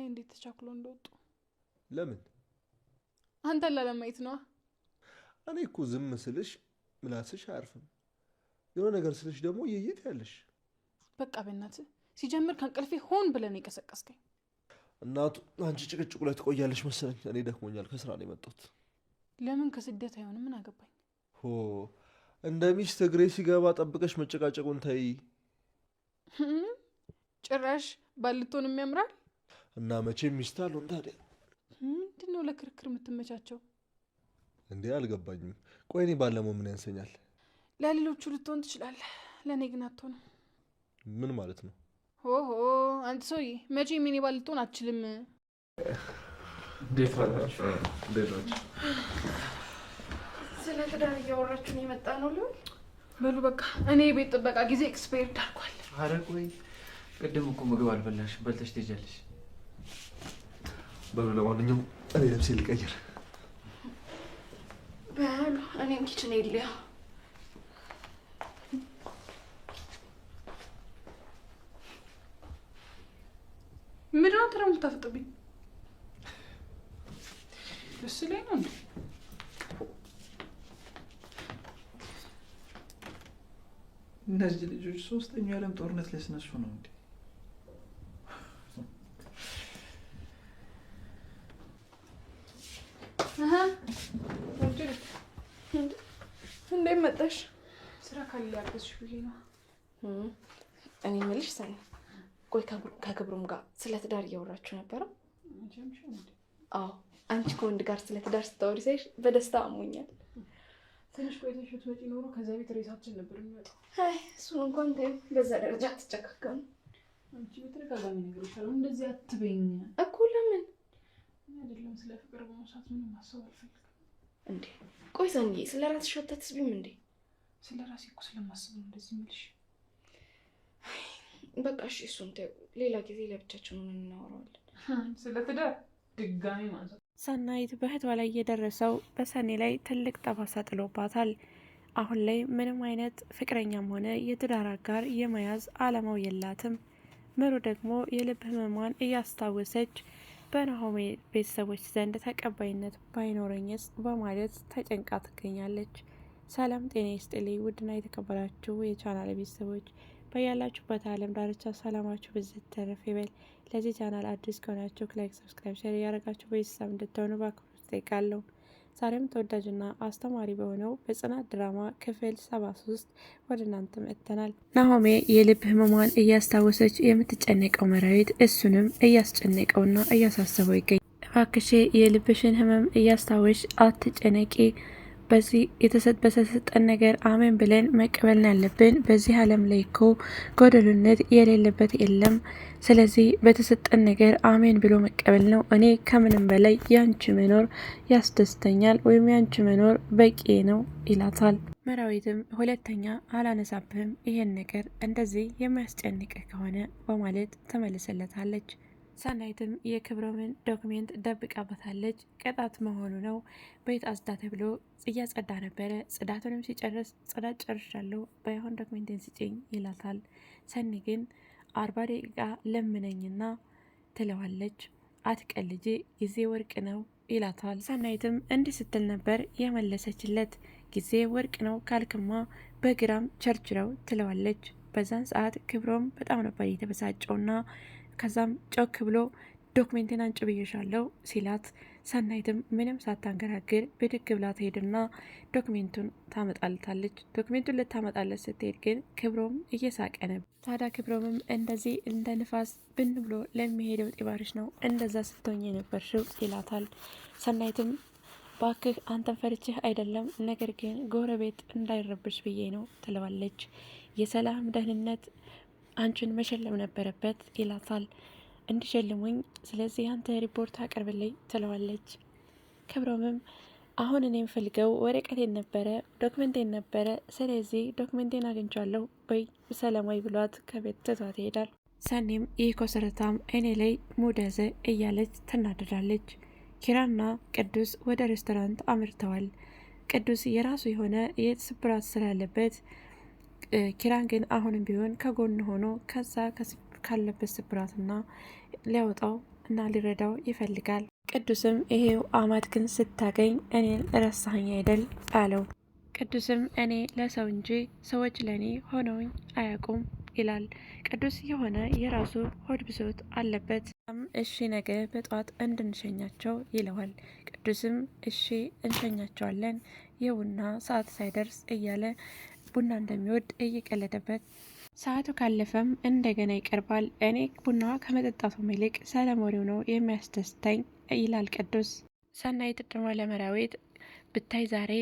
ሳይ እንዴት ተቻክሎ እንደወጡ። ለምን? አንተን ላለማየት ነዋ። እኔ እኮ ዝም ስልሽ ምላስሽ አያርፍም። የሆነ ነገር ስልሽ ደግሞ የየት ያለሽ። በቃ በእናት ሲጀምር ከእንቅልፌ ሆን ብለን የቀሰቀስከኝ። እናቱ አንቺ ጭቅጭቁ ላይ ትቆያለሽ መሰለኝ። እኔ ደክሞኛል፣ ከስራ ነው የመጣሁት። ለምን ከስደት አይሆንም? ምን አገባኝ። ሆ እንደ ሚስት እግሬ ሲገባ ጠብቀሽ መጨቃጨቁን ተይ። ጭራሽ ባልቶን የሚያምራል እና መቼም ሚስት አለው። ታዲያ ምንድን ነው ለክርክር የምትመቻቸው እንዴ? አልገባኝም። ቆይ እኔ ምን ያንሰኛል? ለሌሎቹ ልትሆን ትችላለህ፣ ለእኔ ግን አትሆንም። ምን ማለት ነው? ሆሆ አንተ ሰውዬ መቼም የኔ ባል ልትሆን አትችልም። ስለ ትዳር እያወራችሁ ነው የመጣ ነው ሊሆን በሉ በቃ እኔ የቤት ጥበቃ ጊዜ ኤክስፔርድ አድርጓል። አረ ቆይ ቅድም እኮ ምግብ አልበላሽ በልተሽ ትሄጃለሽ። በሉ ለማንኛውም እኔ ልብሴ ልቀይር። በሉ እኔም ኪችን የለያ ምድና ተራ ምታፍጥብኝ እሱ ላይ ነው እንዴ? እነዚህ ልጆች ሶስተኛው የዓለም ጦርነት ሊያስነሱ ነው እንዴ? እንዴት መጣሽ? ስራ ካለ ያገዝሽ ብዬ ነው። እኔ የምልሽ ሰኒ፣ ቆይ ከግብሩም ጋር ስለ ትዳር እያወራችሁ ነበረ? አዎ፣ አንቺ ከወንድ ጋር ስለ ትዳር ስታወሪ ሳይሽ በደስታ አሞኛል። ትንሽ ቆይተሽ ብትመጪ ኖሮ ከዛ ቤት ሬሳችን ነበር የሚወጣው። አይ እሱን እንኳን ተይው፣ በዛ ደረጃ አትጨካከም። አንቺ በተደጋጋሚ ነገር ይሻላል። እንደዚህ አትበይኝ እኮ ለምን አይደለም ስለ ፍቅር ምንም ማሰብ አልፈልግም። እንዴ ቆይ ዛንዬ ስለ ራስሽ አታስቢም እንዴ? ስለ ራሴ እኮ ስለማስብ ነው እንደዚህ የምልሽ። በቃ እሺ እሱን ተይው፣ ሌላ ጊዜ ለብቻችን እናወራዋለን። ስለ ትዳር ድጋሚ ማለት ሰናይት በህቷ ላይ የደረሰው በሰኔ ላይ ትልቅ ጠባሳ ጥሎባታል። አሁን ላይ ምንም አይነት ፍቅረኛም ሆነ የትዳር አጋር የመያዝ አላማው የላትም። ምሩ ደግሞ የልብ ህመሟን እያስታወሰች በናሆሜ ቤተሰቦች ዘንድ ተቀባይነት ባይኖረኝስ በማለት ተጨንቃ ትገኛለች። ሰላም ጤና ይስጥልኝ ውድና የተከበራችሁ የቻናል ቤተሰቦች በያላችሁበት ዓለም ዳርቻ ሰላማችሁ ብዝት ተረፍ ይበል። ለዚህ ቻናል አዲስ ከሆናችሁ ላይክ፣ ሰብስክራይብ፣ ሸር እያደረጋችሁ ቤተሰብ እንድትሆኑ በአክብሮት እጠይቃለሁ። ዛሬም ተወዳጅና አስተማሪ በሆነው በጽናት ድራማ ክፍል 73 ወደ እናንተ መጥተናል። ናሆሜ የልብ ህመሟን እያስታወሰች የምትጨነቀው መራዊት እሱንም እያስጨነቀውና እያሳሰበው ይገኛል። እባክሽ የልብሽን ህመም እያስታወሽ አትጨነቂ በዚህ በተሰጠን ነገር አሜን ብለን መቀበልን ያለብን። በዚህ ዓለም ላይ እኮ ጎደሉነት የሌለበት የለም። ስለዚህ በተሰጠን ነገር አሜን ብሎ መቀበል ነው። እኔ ከምንም በላይ ያንቺ መኖር ያስደስተኛል፣ ወይም ያንቺ መኖር በቂ ነው ይላታል። መራዊትም ሁለተኛ አላነሳብህም፣ ይሄን ነገር እንደዚህ የሚያስጨንቅህ ከሆነ በማለት ተመልሰለታለች። ሰናይትም የክብሮምን ዶክሜንት ደብቃበታለች። ቅጣት መሆኑ ነው። ቤት አጽዳ ተብሎ እያጸዳ ነበረ። ጽዳቱንም ሲጨርስ ጽዳት ጨርሻለሁ፣ ባይሆን ዶክሜንትን ስጭኝ ይላታል። ሰኒ ግን አርባ ደቂቃ ለምነኝና ትለዋለች። አትቀልጂ ጊዜ ወርቅ ነው ይላታል። ሰናይትም እንዲህ ስትል ነበር የመለሰችለት፣ ጊዜ ወርቅ ነው ካልክማ በግራም ቸርችረው ትለዋለች። በዛን ሰዓት ክብሮም በጣም ነበር የተበሳጨውና ከዛም ጮክ ብሎ ዶክሜንቴን አንጭ ብዬሻለው ሲላት፣ ሰናይትም ምንም ሳታንገራግር ብድግ ብላ ትሄድና ዶክሜንቱን ታመጣልታለች። ዶክሜንቱን ልታመጣለት ስትሄድ ግን ክብሮም እየሳቀ ነበር። ታዲያ ክብሮምም እንደዚህ እንደ ንፋስ ብን ብሎ ለሚሄደው ጢባርሽ ነው እንደዛ ስትሆኝ የነበርሽው ይላታል። ሰናይትም ባክህ አንተን ፈርችህ አይደለም፣ ነገር ግን ጎረቤት እንዳይረብሽ ብዬ ነው ትለዋለች። የሰላም ደህንነት አንቺን መሸለም ነበረበት ይላታል። እንዲሸልሙኝ ስለዚህ አንተ ሪፖርት አቅርብልኝ ትለዋለች። ክብሮምም አሁን እኔ የምፈልገው ወረቀቴን ነበረ፣ ዶክመንቴን ነበረ። ስለዚህ ዶክመንቴን አግኝቻለሁ ወይ ሰላማዊ ብሏት ከቤት ትቷት ይሄዳል። ሰኔም ይህ ኮሰረታም እኔ ላይ ሙደዘ እያለች ትናደዳለች። ኪራና ቅዱስ ወደ ሬስቶራንት አምርተዋል። ቅዱስ የራሱ የሆነ የስብራት ስላለበት ኪራ ግን አሁንም ቢሆን ከጎን ሆኖ ከዛ ካለበት ስብራትና ሊያወጣው እና ሊረዳው ይፈልጋል። ቅዱስም ይሄው አማት ግን ስታገኝ እኔን ረሳኸኝ አይደል አለው። ቅዱስም እኔ ለሰው እንጂ ሰዎች ለእኔ ሆነውኝ አያውቁም ይላል። ቅዱስ የሆነ የራሱ ሆድ ብሶት አለበት። እሺ ነገ በጠዋት እንድንሸኛቸው ይለዋል። ቅዱስም እሺ እንሸኛቸዋለን፣ የቡና ሰዓት ሳይደርስ እያለ ቡና እንደሚወድ እየቀለደበት ሰዓቱ ካለፈም እንደገና ይቀርባል። እኔ ቡና ከመጠጣቱ ይልቅ ሰለሞኔው ነው የሚያስደስተኝ ይላል ቅዱስ። ሰናይት ደግሞ ለመራዊት ብታይ ዛሬ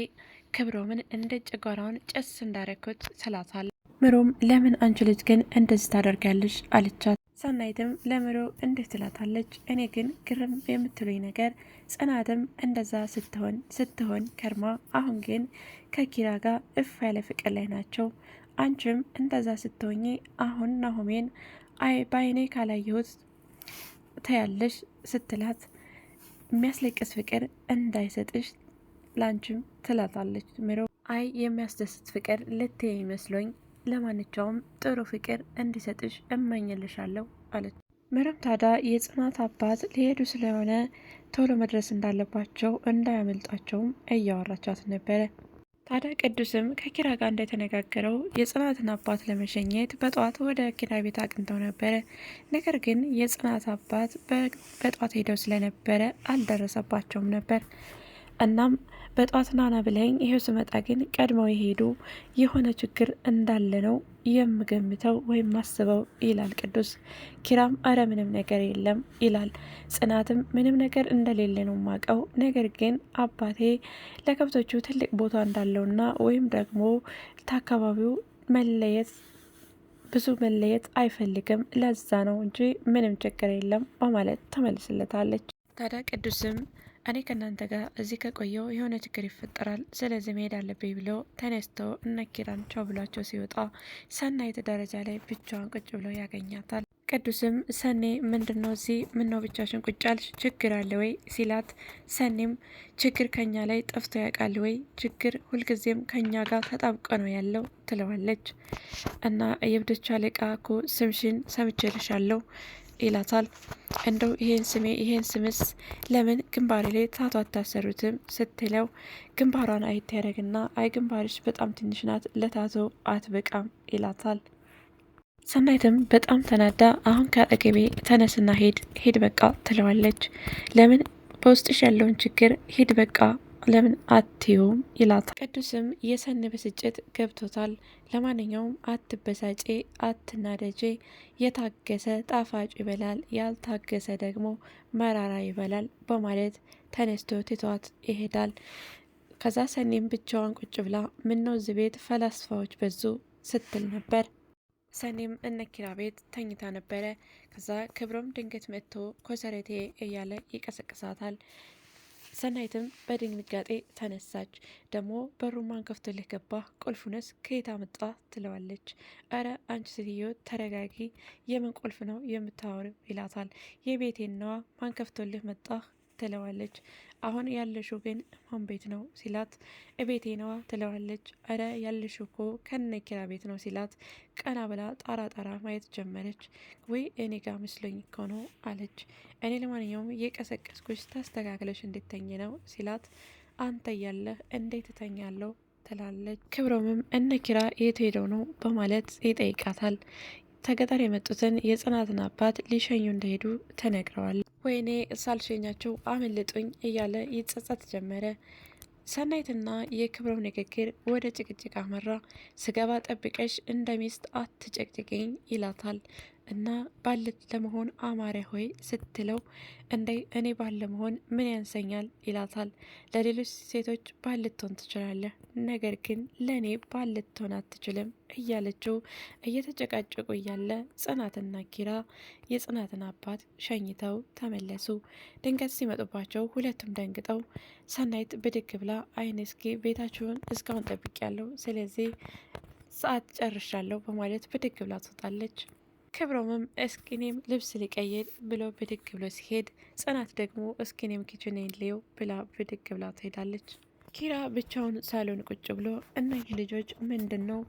ክብሮምን እንደ ጨጓራውን ጭስ እንዳረኩት ስላታል። ምሮም ለምን አንቺ ልጅ ግን እንደዚህ ታደርጋለሽ አለቻት። ሰናይትም ለምሮ እንዴት ትላታለች። እኔ ግን ግርም የምትሉኝ ነገር ጽናትም እንደዛ ስትሆን ስትሆን ከርማ፣ አሁን ግን ከኪራ ጋር እፍ ያለ ፍቅር ላይ ናቸው። አንቺም እንደዛ ስትሆኝ አሁን ናሆሜን አይ ባይኔ ካላየሁት ተያለሽ ስትላት የሚያስለቅስ ፍቅር እንዳይሰጥሽ ላንቺም ትላታለች ምሮ አይ የሚያስደስት ፍቅር ልትይ ይመስሎኝ ለማንኛውም ጥሩ ፍቅር እንዲሰጥሽ እመኝልሻለሁ አለች። መረም ታዲያ የጽናት አባት ሊሄዱ ስለሆነ ቶሎ መድረስ እንዳለባቸው እንዳያመልጣቸውም እያወራቻት ነበረ። ታዲያ ቅዱስም ከኪራ ጋር እንደተነጋገረው የጽናትን አባት ለመሸኘት በጠዋት ወደ ኪራ ቤት አቅንተው ነበረ። ነገር ግን የጽናት አባት በጠዋት ሄደው ስለነበረ አልደረሰባቸውም ነበር። እናም በጧትና ና ብለኝ ይሄው ስመጣ ግን ቀድመው የሄዱ የሆነ ችግር እንዳለ ነው የምገምተው ወይም ማስበው ይላል ቅዱስ። ኪራም አረ ምንም ነገር የለም ይላል። ጽናትም ምንም ነገር እንደሌለ ነው ማቀው፣ ነገር ግን አባቴ ለከብቶቹ ትልቅ ቦታ እንዳለውና ወይም ደግሞ ከአካባቢው መለየት ብዙ መለየት አይፈልግም ለዛ ነው እንጂ ምንም ችግር የለም በማለት ተመልስለታለች። ታዲያ ቅዱስም እኔ ከእናንተ ጋር እዚህ ከቆየው የሆነ ችግር ይፈጠራል፣ ስለዚህ መሄድ አለብኝ ብሎ ተነስቶ እነ ኪራን ቻው ብሏቸው ሲወጣ ሰናይት ደረጃ ላይ ብቻዋን ቁጭ ብሎ ያገኛታል። ቅዱስም ሰኔ ምንድን ነው እዚህ ምን ነው ብቻሽን ቁጭ አልሽ? ችግር አለ ወይ ሲላት፣ ሰኔም ችግር ከኛ ላይ ጠፍቶ ያውቃል ወይ? ችግር ሁልጊዜም ከኛ ጋር ተጣብቆ ነው ያለው ትለዋለች። እና የእብዶች አለቃ እኮ ስምሽን ሰምቼልሻለሁ ይላታል። እንደው ይሄን ስሜ ይሄን ስምስ ለምን ግንባሬ ላይ ታቶ አታሰሩትም ስትለው ግንባሯን አየት ያደረግና አይ ግንባርሽ በጣም ትንሽ ናት ለታቶ አትበቃም ይላታል። ሰናይትም በጣም ተናዳ አሁን ከአጠገቤ ተነስና ሄድ ሄድ በቃ ትለዋለች። ለምን በውስጥሽ ያለውን ችግር ሄድ በቃ ለምን አትዩም ይላታል። ቅዱስም የሰን ብስጭት ገብቶታል። ለማንኛውም አትበሳጬ፣ አትናደጄ። የታገሰ ጣፋጭ ይበላል፣ ያልታገሰ ደግሞ መራራ ይበላል በማለት ተነስቶ ትቷት ይሄዳል። ከዛ ሰኔም ብቻዋን ቁጭ ብላ ምነው እዚህ ቤት ፈላስፋዎች በዙ ስትል ነበር። ሰኔም እነኪራ ቤት ተኝታ ነበረ። ከዛ ክብሮም ድንገት መጥቶ ኮሰረቴ እያለ ይቀሰቅሳታል። ሰናይትም በድንጋጤ ተነሳች። ደግሞ በሩን ከፍቶልህ ገባ? ቁልፉንስ ከየት አመጣ? ትለዋለች። እረ አንቺ ሴትዮ ተረጋጊ፣ የምን ቁልፍ ነው የምታወሪው? ይላታል። የቤቴናዋ ማን ከፍቶልህ መጣ ትለዋለች። አሁን ያለሽው ግን ማን ቤት ነው ሲላት እቤቴ ነዋ ትለዋለች። እረ ያለሽው እኮ ከነ ኪራ ቤት ነው ሲላት ቀና ብላ ጣራ ጣራ ማየት ጀመረች። ወይ እኔ ጋር መስሎኝ እኮ ነው አለች። እኔ ለማንኛውም የቀሰቀስኩሽ ታስተካክለሽ እንድተኝ ነው ሲላት አንተ እያለህ እንዴት እተኛለሁ ትላለች። ክብሮምም እነ ኪራ የት ሄደው ነው በማለት ይጠይቃታል። ተገጠር የመጡትን የጽናትን አባት ሊሸኙ እንደሄዱ ተነግረዋል። ወይኔ ሳልሸኛቸው አመለጡኝ እያለ ይጸጸት ጀመረ። ሰናይትና የክብረው ንግግር ወደ ጭቅጭቅ አመራ። ስገባ ጠብቀሽ እንደ ሚስት አትጨቅጭቅኝ ይላታል። እና ባል ለመሆን አማረ ሆይ ስትለው እንደ እኔ ባል ለመሆን ምን ያንሰኛል ይላታል። ለሌሎች ሴቶች ባል ልትሆን ትችላለህ፣ ነገር ግን ለእኔ ባል ልትሆን አትችልም እያለችው እየተጨቃጨቁ እያለ ጽናትና ኪራ የጽናትን አባት ሸኝተው ተመለሱ። ድንገት ሲመጡባቸው ሁለቱም ደንግጠው፣ ሰናይት ብድግ ብላ አይን እስኪ ቤታችሁን እስካሁን ያለው ስለዚህ ሰዓት ጨርሻለሁ በማለት ብድግ ብላ ትወጣለች። ክብሮምም እስኪኔም ልብስ ሊቀይር ብሎ ብድግ ብሎ ሲሄድ ጽናት ደግሞ እስኪኔም ኪችኔን ልየው ብላ ብድግ ብላ ትሄዳለች። ኪራ ብቻውን ሳሎን ቁጭ ብሎ እነኚህ ልጆች ምንድን ነው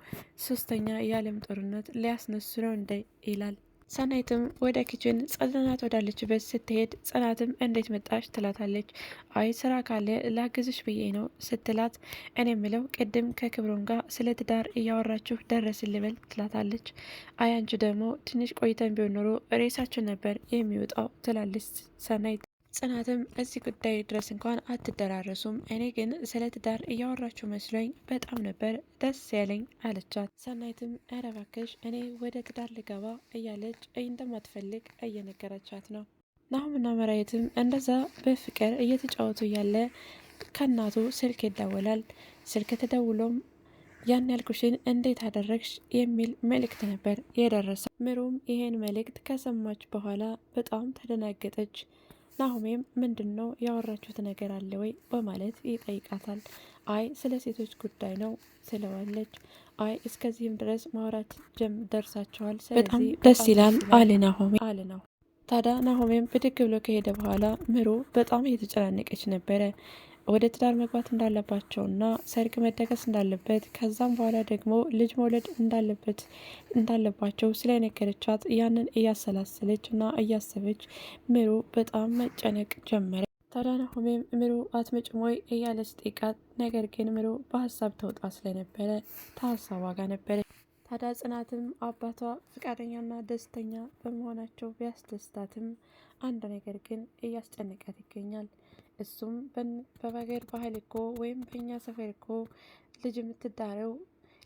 ሶስተኛ የዓለም ጦርነት ሊያስነሱ ነው እንደ ይላል። ሰናይትም ወደ ኪችን ጽናት ወዳለችበት ስትሄድ ጽናትም እንዴት መጣሽ ትላታለች። አይ ስራ ካለ ላግዝሽ ብዬ ነው ስትላት፣ እኔ የምለው ቅድም ከክብሮም ጋር ስለ ትዳር እያወራችሁ ደረስ ልበል ትላታለች። አይ አንቺ ደግሞ ትንሽ ቆይተን ቢሆን ኖሮ ሬሳችን ነበር የሚወጣው ትላለች ሰናይት። ጽናትም እዚህ ጉዳይ ድረስ እንኳን አትደራረሱም፣ እኔ ግን ስለ ትዳር እያወራችሁ መስሎኝ በጣም ነበር ደስ ያለኝ አለቻት። ሰናይትም ኧረ እባክሽ እኔ ወደ ትዳር ልገባ እያለች እንደማትፈልግ እየነገረቻት ነው። ናሁምና መራየትም እንደዛ በፍቅር እየተጫወቱ ያለ ከእናቱ ስልክ ይደወላል። ስልክ ተደውሎም ያን ያልኩሽን እንዴት አደረግሽ የሚል መልእክት ነበር የደረሰ። ምሩም ይሄን መልእክት ከሰማች በኋላ በጣም ተደናገጠች። ናሆሜም ምንድን ነው ያወራችሁት ነገር አለ ወይ በማለት ይጠይቃታል። አይ ስለ ሴቶች ጉዳይ ነው ስለዋለች። አይ እስከዚህም ድረስ ማውራት ጀም ደርሳቸዋል። በጣም ደስ ይላል አለ ናሆሜ አለ ነው። ታዲያ ናሆሜም ብድግ ብሎ ከሄደ በኋላ ምሩ በጣም እየተጨናነቀች ነበረ። ወደ ትዳር መግባት እንዳለባቸውና ሰርግ መደገስ እንዳለበት ከዛም በኋላ ደግሞ ልጅ መውለድ እንዳለበት እንዳለባቸው ስለነገረቻት ያንን እያሰላሰለች እና እያሰበች ምሩ በጣም መጨነቅ ጀመረ። ታዲያ ናሆሜም ምሩ አትመጭም ወይ እያለች ጠይቃት፣ ነገር ግን ምሩ በሀሳብ ተውጣ ስለነበረ ከሀሳቧ ጋር ነበረ። ታዲያ ጽናትም አባቷ ፈቃደኛና ደስተኛ በመሆናቸው ቢያስደስታትም አንድ ነገር ግን እያስጨነቃት ይገኛል። እሱም በባገር ባህል እኮ ወይም በእኛ ሰፈር እኮ ልጅ የምትዳረው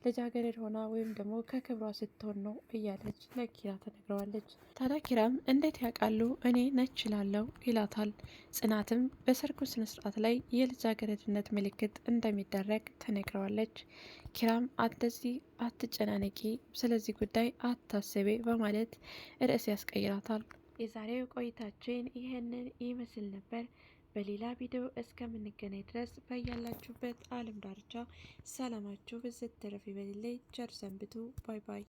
ልጃገረድ ሆና ወይም ደግሞ ከክብሯ ስትሆን ነው እያለች ለኪራ ተነግረዋለች። ታዲያ ኪራም እንዴት ያውቃሉ እኔ ነች ላለው ይላታል። ጽናትም በሰርጉ ስነስርዓት ላይ የልጃገረድነት ምልክት እንደሚደረግ ተነግረዋለች። ኪራም አደዚህ አትጨናነቂ፣ ስለዚህ ጉዳይ አታስቤ በማለት ርዕስ ያስቀይራታል። የዛሬው ቆይታችን ይህንን ይመስል ነበር። በሌላ ቪዲዮ እስከምንገናኝ ድረስ በያላችሁበት ዓለም ዳርቻ ሰላማችሁ ብዝት ተረፍ ይበልልኝ። ቸር ሰንብቱ። ባይ ባይ።